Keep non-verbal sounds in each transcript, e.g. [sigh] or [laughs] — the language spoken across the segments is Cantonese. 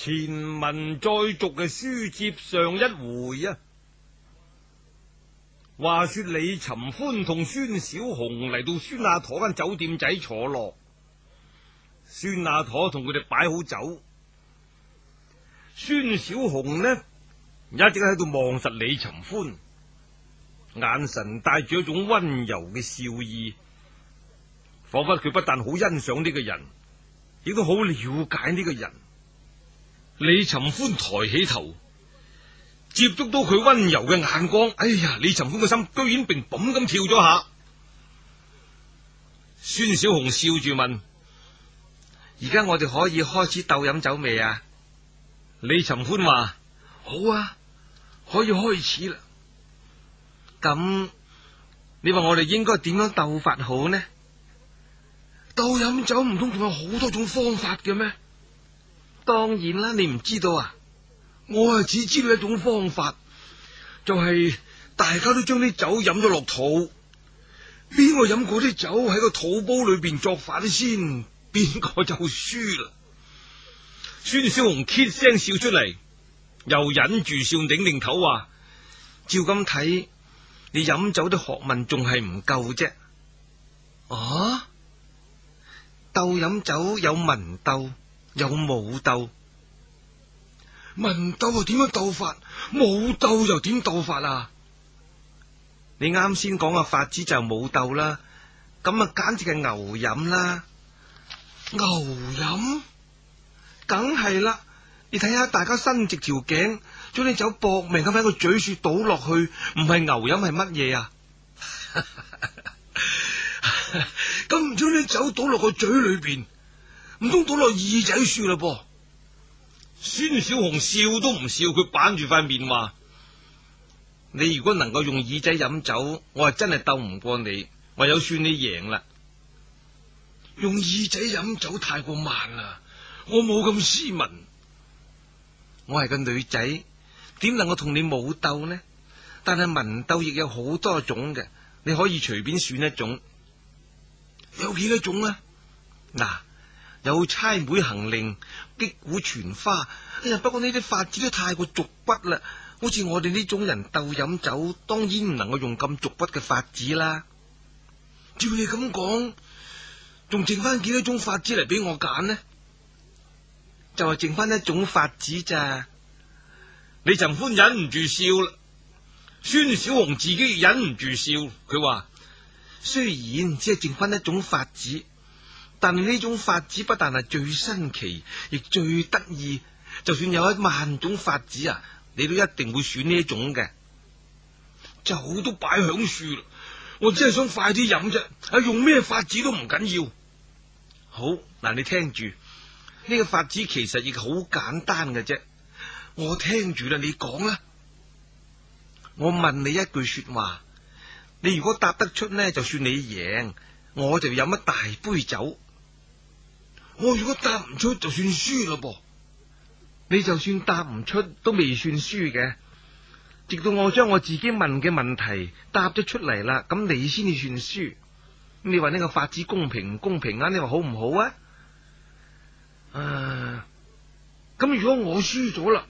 前文再續嘅書接上一回啊，話說李尋歡同孫小紅嚟到孫亞陀間酒店仔坐落，孫亞陀同佢哋擺好酒，孫小紅呢一直喺度望實李尋歡，眼神帶住一種温柔嘅笑意，仿佛佢不但好欣賞呢個人，亦都好了解呢個人。李尋歡抬起頭，接觸到佢温柔嘅眼光。哎呀，李尋歡嘅心居然并嘣咁跳咗下。孫小紅笑住問：而家我哋可以開始鬥飲酒未啊？李尋歡話：好啊，可以開始啦。咁你話我哋應該點樣鬥法好呢？鬥飲酒唔通仲有好多種方法嘅咩？當然啦，你唔知道啊？我啊，只知道一種方法，就係、是、大家都將啲酒飲咗落肚，邊個飲嗰啲酒喺個肚煲裏邊作反先，邊個就輸啦！孫 [laughs] 小紅怯聲笑出嚟，又忍住笑擰擰頭話：照咁睇，你飲酒啲學問仲係唔夠啫。啊！鬥飲酒有文鬥。有武鬥，文鬥又點樣鬥法？武鬥又點鬥法啊？你啱先講嘅法子就武鬥啦，咁啊簡直係牛飲啦！牛飲，梗係啦！你睇下，大家伸直條頸，將啲酒搏命咁喺個嘴處倒落去，唔係牛飲係乜嘢啊？咁唔將啲酒倒落個嘴裏邊？唔通倒落耳仔算嘞噃。孫小紅笑都唔笑，佢板住塊面話：你如果能夠用耳仔飲酒，我係真係鬥唔過你，唯有算你贏啦。用耳仔飲酒太過慢啦，我冇咁斯文，我係個女仔，點能夠同你武鬥呢？但係文鬥亦有好多種嘅，你可以隨便選一種。有幾多種啊？嗱。有差妹行令擊鼓傳花，哎呀！不過呢啲法子都太過俗骨啦，好似我哋呢種人鬥飲酒，當然唔能夠用咁俗骨嘅法子啦。照你咁講，仲剩翻幾多種法子嚟俾我揀呢？就係剩翻一種法子咋？李尋歡忍唔住笑啦，孫小紅自己忍唔住笑。佢話雖然只係剩翻一種法子。但呢種法子不但係最新奇，亦最得意。就算有一萬種法子啊，你都一定會選呢一種嘅。酒都擺響樹啦，我只係想快啲飲啫。啊，用咩法子都唔緊要。好，嗱，你聽住，呢個法子其實亦好簡單嘅啫。我聽住啦，你講啦。我問你一句說話，你如果答得出呢，就算你贏，我就飲一大杯酒。我、哦、如果答唔出，就算輸嘞噃。你就算答唔出，都未算輸嘅。直到我將我自己問嘅問題答咗出嚟啦，咁你先至算輸。你話呢個法子公平唔公平啊？你話好唔好啊？啊，咁如果我輸咗啦，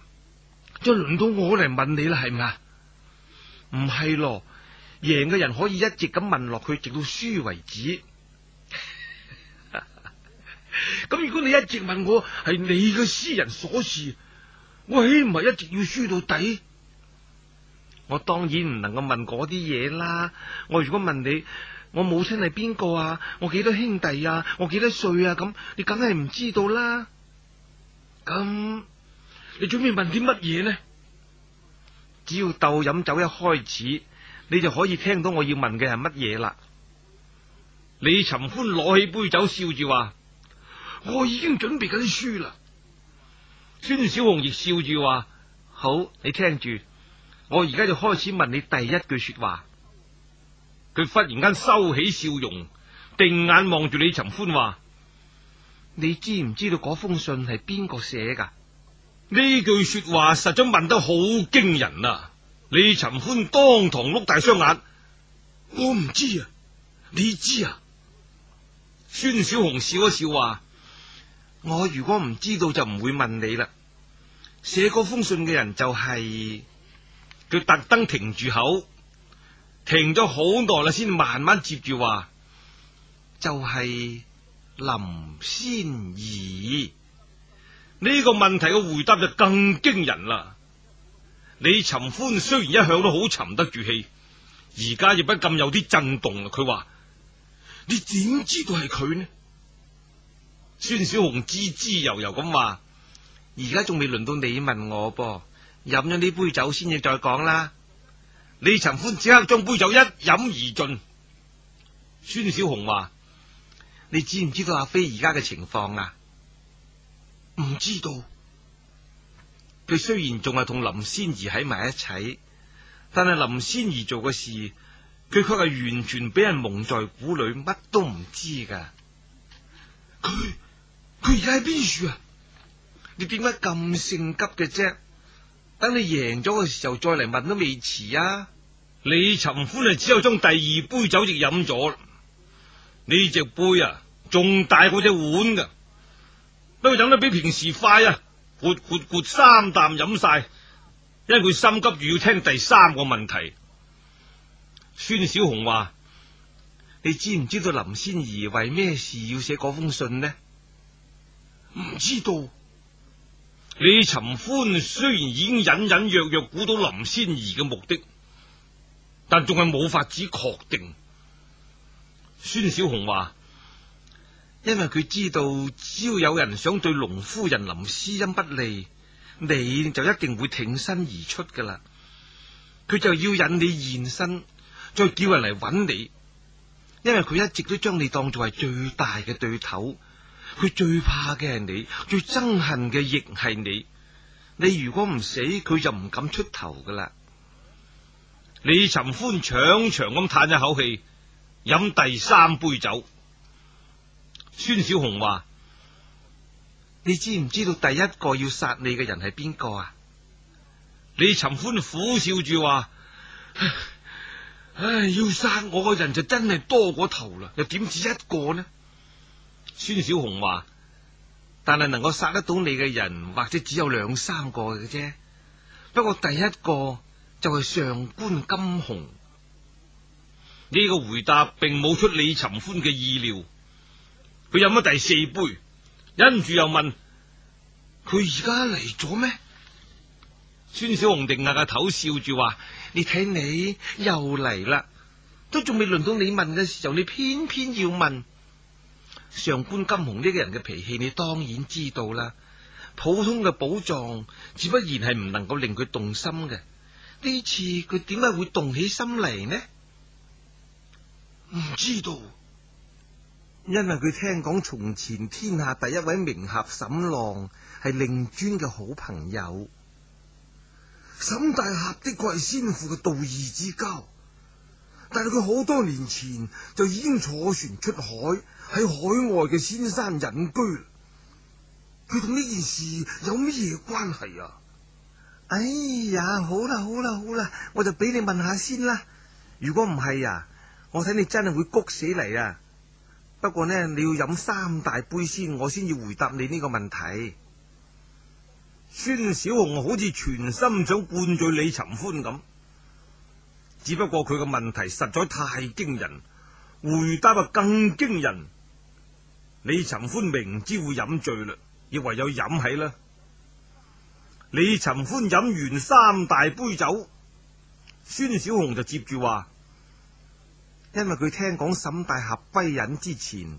就輪到我嚟問你啦，係咪啊？唔係咯，贏嘅人可以一直咁問落去，直到輸為止。咁如果你一直問我係你嘅私人瑣事，我豈唔係一直要輸到底？我當然唔能夠問嗰啲嘢啦。我如果問你，我母親係邊個啊？我幾多兄弟啊？我幾多歲啊？咁你梗係唔知道啦。咁你準備問啲乜嘢呢？只要鬥飲酒一開始，你就可以聽到我要問嘅係乜嘢啦。李尋歡攞起杯酒笑，笑住話。我已經準備緊書啦。孫小紅亦笑住話：好，你聽住，我而家就開始問你第一句說話。佢忽然間收起笑容，定眼望住李尋歡話：你知唔知道嗰封信係邊個寫噶？呢句說話實在問得好驚人啊！李尋歡當堂碌大雙眼，我唔知啊，你知啊？孫小紅笑一笑話。我如果唔知道就唔會問你啦。寫封信嘅人就係。佢特登停住口，停咗好耐啦，先慢慢接住話，就係林仙兒。呢個問題嘅回答就更驚人啦。李尋歡雖然一向都好沉得住氣，而家亦不禁有啲震動。佢話：你點知道係佢呢？孫小紅滋滋悠悠咁話：而家仲未輪到你問我噃，飲咗呢杯酒先至再講啦。李尋歡即刻將杯酒一飲而盡。孫小紅話：你知唔知道阿飛而家嘅情況啊？唔知道。佢雖然仲係同林仙兒喺埋一齊，但係林仙兒做嘅事，佢卻係完全俾人蒙在鼓裏，乜都唔知噶。佢。 [coughs] 佢而家喺邊處啊？你點解咁性急嘅啫？等你贏咗嘅時候再嚟問都未遲啊！李尋歡啊，只有將第二杯酒就飲咗。呢隻杯啊，仲大過隻碗噶，不過飲得比平時快啊！活活活三啖飲晒，因為佢心急如要聽第三個問題。孫小紅話：你知唔知道林仙兒為咩事要寫嗰封信呢？唔知道李尋歡雖然已經隱隱約約估到林仙兒嘅目的，但仲係冇法子確定。孫小紅話：因為佢知道，只要有人想對龍夫人林詩音不利，你就一定會挺身而出噶啦。佢就要引你現身，再叫人嚟揾你，因為佢一直都將你當做係最大嘅對頭。佢最怕嘅係你，最憎恨嘅亦係你。你如果唔死，佢就唔敢出頭噶啦。李尋歡長長咁嘆一口氣，飲第三杯酒。孫小紅話：你知唔知道第一個要殺你嘅人係邊個啊？李尋歡苦笑住話：唉，要殺我嘅人就真係多過頭啦，又點止一個呢？孫小紅話：，但係能夠殺得到你嘅人，或者只有兩三個嘅啫。不過第一個就係上官金鴻。呢個回答並冇出李尋歡嘅意料。佢飲咗第四杯，忍住又問：佢而家嚟咗咩？孫小紅定下個頭，笑住話：，你睇你又嚟啦，都仲未輪到你問嘅時候，你偏偏要問。上官金鴻呢個人嘅脾氣，你當然知道啦。普通嘅寶藏，只不然係唔能夠令佢動心嘅。呢次佢點解會動起心嚟呢？唔知道，因為佢聽講從前天下第一位名俠沈浪係令尊嘅好朋友，沈大俠的確係先父嘅道義之交。但係佢好多年前就已經坐船出海，喺海外嘅仙山隱居。佢同呢件事有咩嘢關係呀，啊？哎呀，好啦好啦好啦，我就俾你問下先啦。如果唔係呀，我睇你真係會谷死嚟啊！不過呢，你要飲三大杯先，我先要回答你呢個問題。孫小紅好似全心想灌醉李尋歡咁。只不過佢嘅問題實在太驚人，回答啊更驚人。李尋歡明知會飲醉嘞，亦唯有飲起啦。李尋歡飲完三大杯酒，孫小紅就接住話：因為佢聽講沈大俠歸隱之前，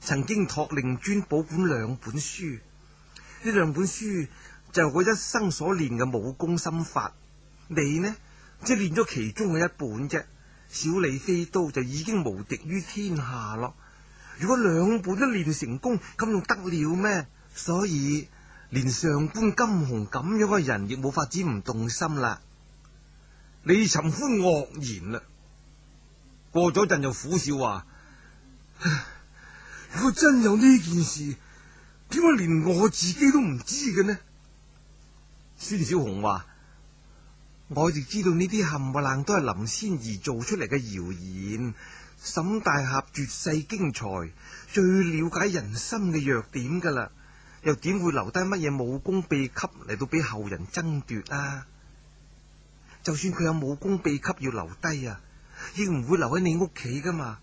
曾經託令尊保管兩本書，呢兩本書就係佢一生所練嘅武功心法。你呢？即練咗其中嘅一半啫，小李飛刀就已經無敵於天下咯。如果兩本都練成功，咁仲得了咩？所以連上官金鴻咁樣嘅人亦冇法子唔動心啦。李尋歡愕然啦，過咗陣又苦笑話：如果真有呢件事，點解連我自己都唔知嘅呢？孫小紅話。我就知道呢啲冚唪唥都係林仙兒做出嚟嘅謠言。沈大俠絕世驚才，最了解人心嘅弱點噶啦，又點會留低乜嘢武功秘笈嚟到俾後人爭奪啊？就算佢有武功秘笈要留低啊，亦唔會留喺你屋企噶嘛。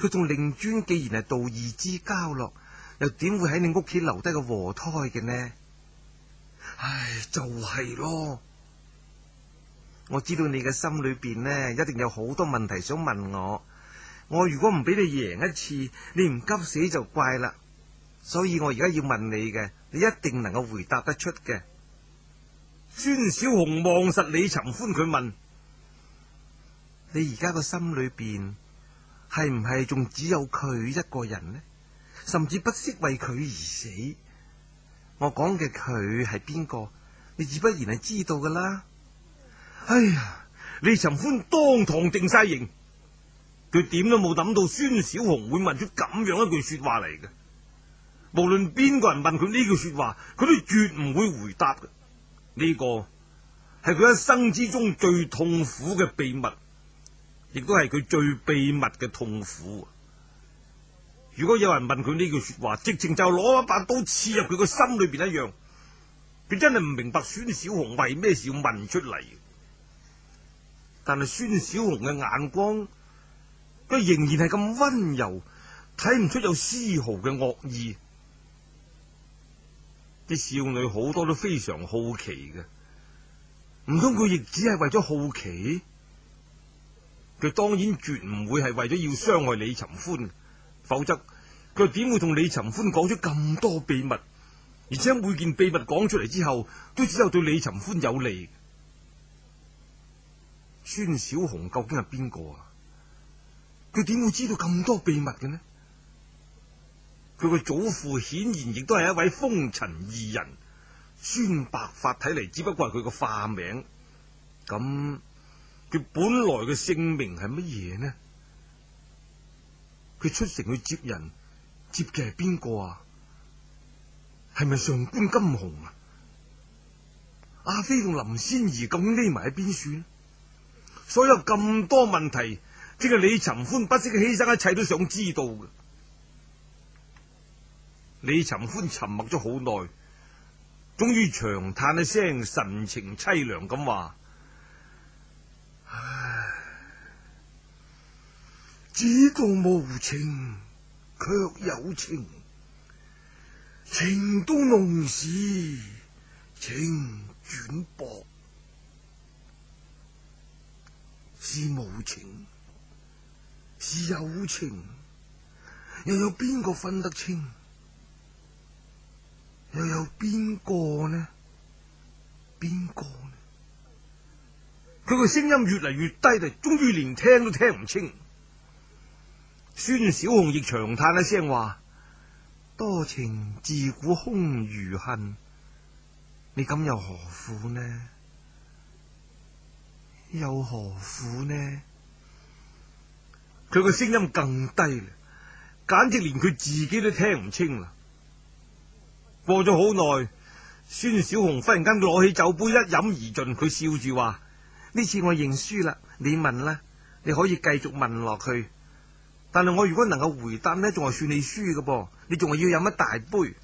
佢同令尊既然係道義之交咯，又點會喺你屋企留低個和胎嘅呢？唉，就係咯。我知道你嘅心裏邊呢，一定有好多問題想問我。我如果唔俾你贏一次，你唔急死就怪啦。所以我而家要問你嘅，你一定能夠回答得出嘅。孫小紅望實李尋歡，佢問：你而家個心裏邊係唔係仲只有佢一個人呢？甚至不惜為佢而死。我講嘅佢係邊個？你自不然係知道噶啦。哎呀！李尋歡當堂定晒形，佢點都冇諗到孫小紅會問出咁樣一句說話嚟嘅。無論邊個人問佢呢句說話，佢都絕唔會回答嘅。呢個係佢一生之中最痛苦嘅秘密，亦都係佢最秘密嘅痛苦。如果有人問佢呢句說話，直情就攞一把刀刺入佢個心裏邊一樣。佢真係唔明白孫小紅為咩事要問出嚟。但係孫小紅嘅眼光，佢仍然係咁溫柔，睇唔出有絲毫嘅惡意。啲少女好多都非常好奇嘅，唔通佢亦只係為咗好奇？佢當然絕唔會係為咗要傷害李尋歡，否則佢點會同李尋歡講咗咁多秘密？而且每件秘密講出嚟之後，都只有對李尋歡有利。孫小紅究竟係邊個啊？佢點會知道咁多秘密嘅呢？佢個祖父顯然亦都係一位風塵異人，孫白髮睇嚟只不過係佢個化名。咁佢本來嘅姓名係乜嘢呢？佢出城去接人，接嘅係邊個啊？係咪上官金鴻啊？阿飛同林仙兒咁匿埋喺邊算？所有咁多問題，即係李尋歡不惜犧牲一切都想知道嘅。李尋歡沉默咗好耐，終於長歎一聲，神情凄涼咁話：唉、啊，只道無情，却有情；情到濃時，情轉薄。是無情，是有情，又有邊個分得清？嗯、又有邊個呢？邊個呢？佢嘅聲音越嚟越低，嚟終於連聽都聽唔清。孫小紅亦長嘆一聲話：多情自古空餘恨，你咁又何苦呢？又何苦呢？佢個聲音更低啦，簡直連佢自己都聽唔清啦。過咗好耐，孫小紅忽然間攞起酒杯一飲而盡，佢笑住話：呢次我認輸啦，你問啦，你可以繼續問落去，但係我如果能夠回答呢，仲係算你輸噶噃，你仲係要飲一大杯。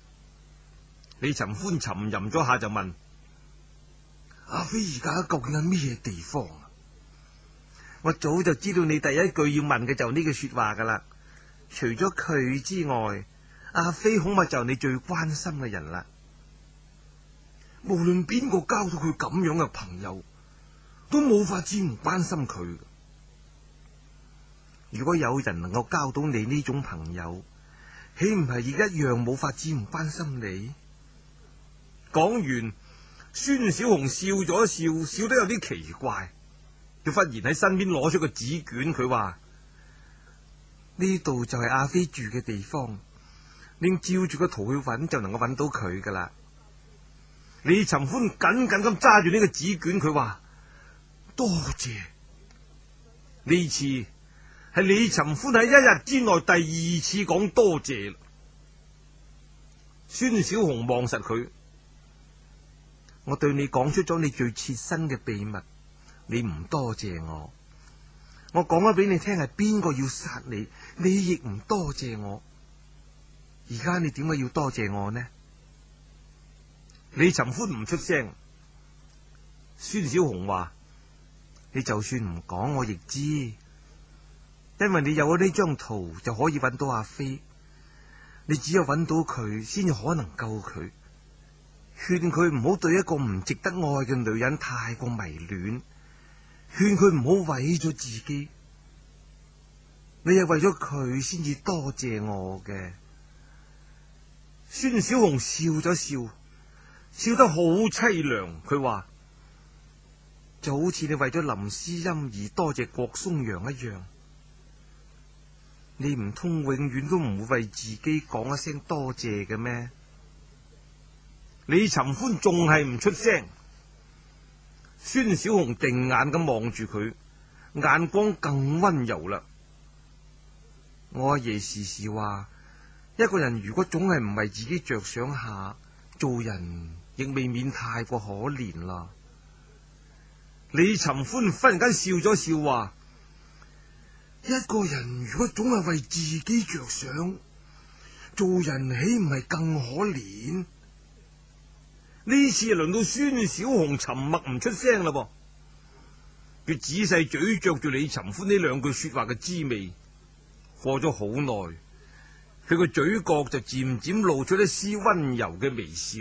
[laughs] 李尋歡沉吟咗下就問。阿飛而家究竟喺咩地方啊？我早就知道你第一句要問嘅就呢句說話噶啦。除咗佢之外，阿飛恐怕就係你最關心嘅人啦。無論邊個交到佢咁樣嘅朋友，都冇法子唔關心佢。如果有人能夠交到你呢種朋友，豈唔係亦一樣冇法子唔關心你？講完。孫小紅笑咗一笑，笑得有啲奇怪。佢忽然喺身邊攞出個紙卷，佢話：呢度就係阿飛住嘅地方，你照住個圖去搵就能夠搵到佢噶啦。李尋歡緊緊咁揸住呢個紙卷，佢話：多謝。呢次係李尋歡喺一日之內第二次講多謝。孫小紅望實佢。我對你講出咗你最切身嘅秘密，你唔多謝我。我講咗俾你聽係邊個要殺你，你亦唔多謝我。而家你點解要多謝我呢？李尋歡唔出聲。孫小紅話：你就算唔講，我亦知，因為你有咗呢張圖就可以揾到阿飛。你只有揾到佢，先至可能救佢。勸佢唔好對一個唔值得愛嘅女人太過迷戀，勸佢唔好毀咗自己。你係為咗佢先至多謝我嘅。孫小紅笑咗笑，笑得好淒涼。佢話，就好似你為咗林詩音而多謝郭松陽一樣，你唔通永遠都唔會為自己講一聲多謝嘅咩？李尋歡仲係唔出聲，孫小紅定眼咁望住佢，眼光更溫柔啦。我阿、啊、爺時時話：一個人如果總係唔為自己着想下，下做人亦未免太過可憐啦。李尋歡忽然間笑咗笑，話：一個人如果總係為自己着想，做人豈唔係更可憐？呢次輪到孫小紅沉默唔出聲喇噃，佢仔細咀嚼住李尋歡呢兩句說話嘅滋味。過咗好耐，佢個嘴角就漸漸露出一絲溫柔嘅微笑。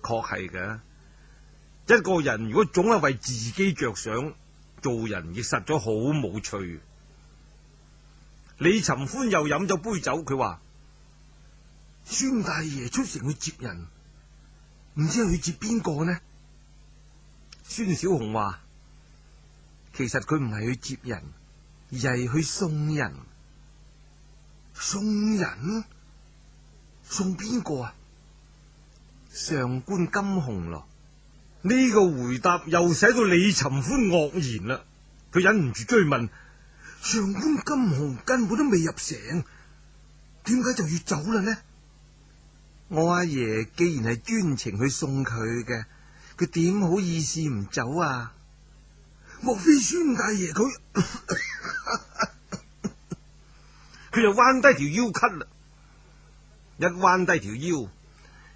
確係嘅，一個人如果總係為自己着想，做人亦實咗好無趣。李尋歡又飲咗杯酒，佢話：孫大爺出城去接人。唔知去接邊個呢？孫小紅話：其實佢唔係去接人，而係去送人。送人？送邊個啊？上官金虹咯。呢個回答又使到李尋歡愕然啦。佢忍唔住追問：上官金虹根本都未入城，點解就要走啦呢？我阿爺既然係專程去送佢嘅，佢點好意思唔走啊？莫非孫大爺佢，佢 [laughs] [laughs] 就彎低條腰骨啦。一彎低條腰，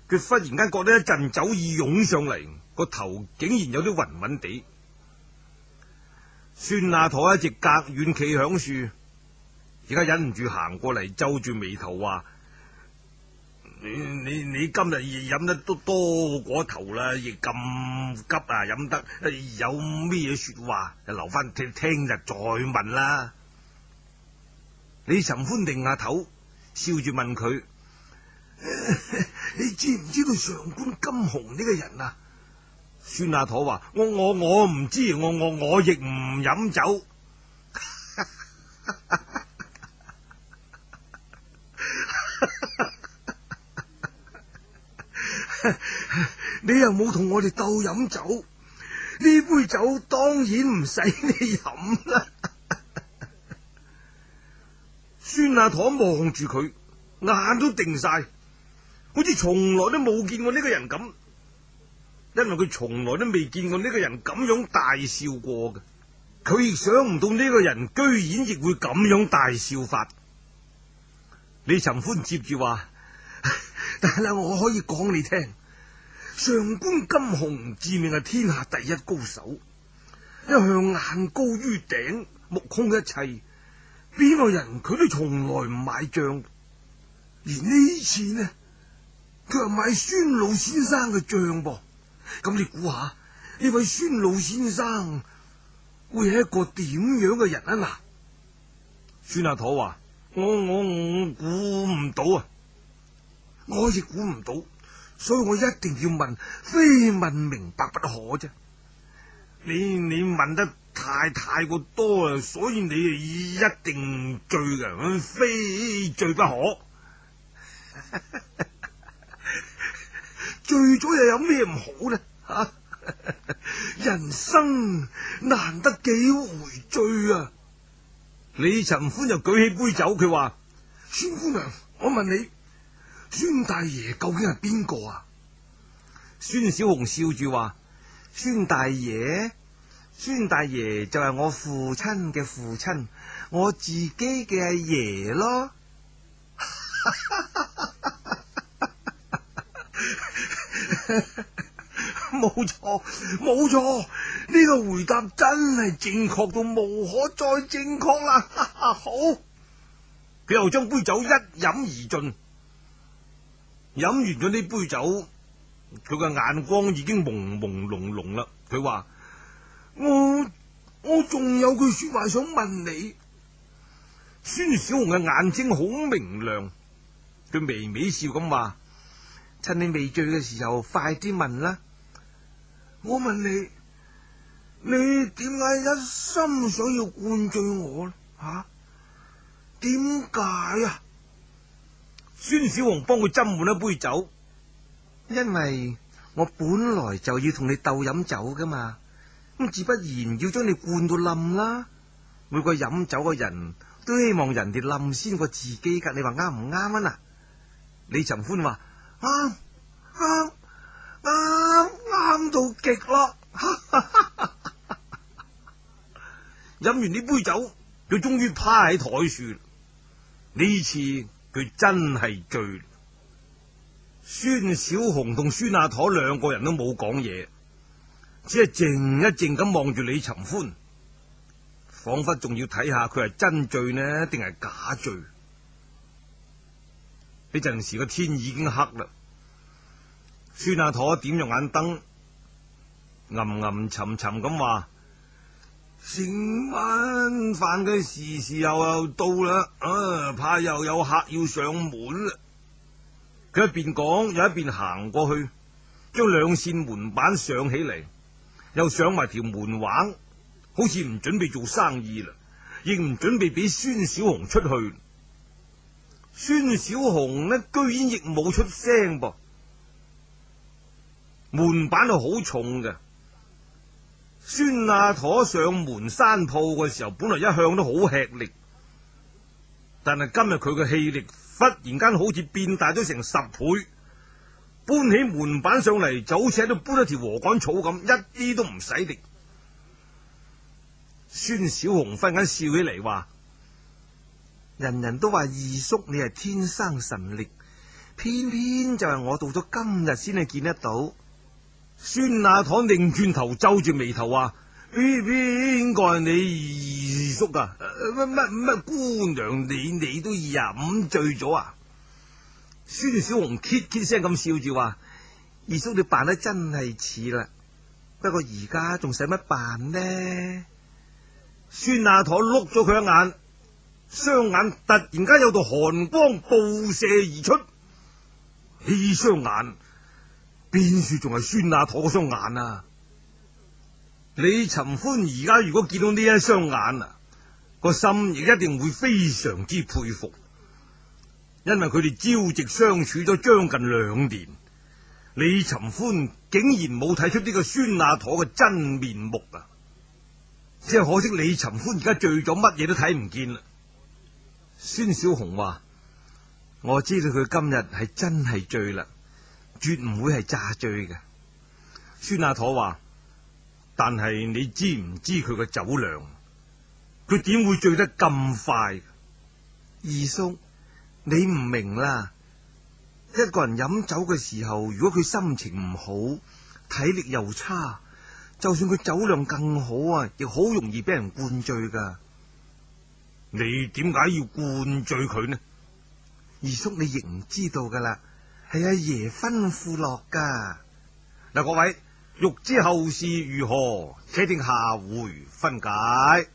佢忽然間覺得一陣酒意湧上嚟，個頭竟然有啲暈暈地。孫阿婆一直隔遠企響樹，而家忍唔住行過嚟，皺住眉頭話。嗯、你你今日飲得多多過頭啦，亦咁急啊！飲得有咩嘢說話？留就留翻聽聽日再問啦。李尋歡定下頭，笑住問佢： [laughs] 你知唔知道上官金虹呢個人啊？孫阿駝話：我我我唔知，我我我，我，我亦唔飲酒。 [laughs] 你又冇同我哋鬥飲酒，呢杯酒當然唔使你飲啦。孫阿堂望住佢，眼都定晒，好似從來都冇見過呢個人咁，因為佢從來都未見過呢個人咁樣大笑過嘅，佢亦想唔到呢個人居然亦會咁樣大笑法。李尋歡接住話。但係我可以講你聽，上官金鴻自命係天下第一高手，一向眼高於頂，目空一切，邊個人佢都從來唔買賬。連呢次呢，佢又買孫老先生嘅賬噃。咁你估下呢位孫老先生會係一個點樣嘅人啊？嗱，孫阿土話、啊：我我我估唔到啊！我亦估唔到，所以我一定要問，非問明白不可啫。你你問得太太過多，所以你一定醉嘅，非醉不可。 [laughs] 醉咗又有咩唔好呢？ [laughs] 人生難得幾回醉啊！李尋歡就舉起杯酒，佢話：孫姑娘，我問你。孫大爺究竟係邊個啊？孫小紅笑住話：孫大爺，孫大爺就係我父親嘅父親，我自己嘅阿爺咯。冇 [laughs] 錯，冇錯，呢個回答真係正確到無可再正確啦！ [laughs] 好，佢又將杯酒一飲而盡。飲完咗呢杯酒，佢嘅眼光已經朦朦朧朧啦。佢話：我我仲有句說話想問你。孫小紅嘅眼睛好明亮，佢微微笑咁話：趁你未醉嘅時候，快啲問啦。我問你，你點解一心想要灌醉我呢？啊，點解啊？孫小紅幫佢斟滿一杯酒，因為我本來就要同你鬥飲酒噶嘛，咁自不然要將你灌到冧啦。每個飲酒嘅人都希望人哋冧先過自己噶，你話啱唔啱啊？李尋歡話：啱啱啱啱到極咯！飲 [laughs] 完呢杯酒，佢終於趴喺台樹。呢次。佢真係醉。孫小紅同孫阿駝兩個人都冇講嘢，只係靜一靜咁望住李尋歡，仿佛仲要睇下佢係真醉呢，定係假醉。呢陣時個天已經黑啦，孫阿駝點咗眼燈，暗暗沉沉咁話。成晚飯嘅時時候又到啦，啊，怕又有客要上門啦。佢一邊講又一邊行過去，將兩扇門板上起嚟，又上埋條門橫，好似唔準備做生意啦，亦唔準備俾孫小紅出去。孫小紅呢，居然亦冇出聲噃。門板係好重嘅。孫阿駝上門山鋪嘅時候，本來一向都好吃力，但係今日佢嘅氣力忽然間好似變大咗成十倍，搬起門板上嚟就好似喺度搬一條禾稈草咁，一啲都唔使力。孫小紅忽然間笑起嚟話：人人都話二叔你係天生神力，偏偏就係我到咗今日先係見得到。孫阿駝擰轉頭，皺住眉頭話：邊個係你二叔啊？乜乜乜姑娘，你你都飲醉咗啊？孫小紅 K K 聲咁笑住話：二叔你扮得真係似啦，不過而家仲使乜扮呢？孫阿駝碌咗佢一眼，雙眼突然間有道寒光暴射而出，欺雙眼。邊處仲係孫亞妥嗰雙眼啊？李尋歡而家如果見到呢一雙眼啊，個心亦一定會非常之佩服，因為佢哋朝夕相處咗將近兩年，李尋歡竟然冇睇出呢個孫亞妥嘅真面目啊！只係可惜李尋歡而家醉咗，乜嘢都睇唔見啦。孫小紅話：我知道佢今日係真係醉啦。絕唔會係詐醉嘅，孫阿妥話。但係你知唔知佢嘅酒量？佢點會醉得咁快？二叔，你唔明啦。一個人飲酒嘅時候，如果佢心情唔好，體力又差，就算佢酒量更好啊，亦好容易俾人灌醉噶。你點解要灌醉佢呢？二叔，你亦唔知道噶啦。係阿爺吩咐落噶。嗱，各位，欲知後事如何，且聽下回分解。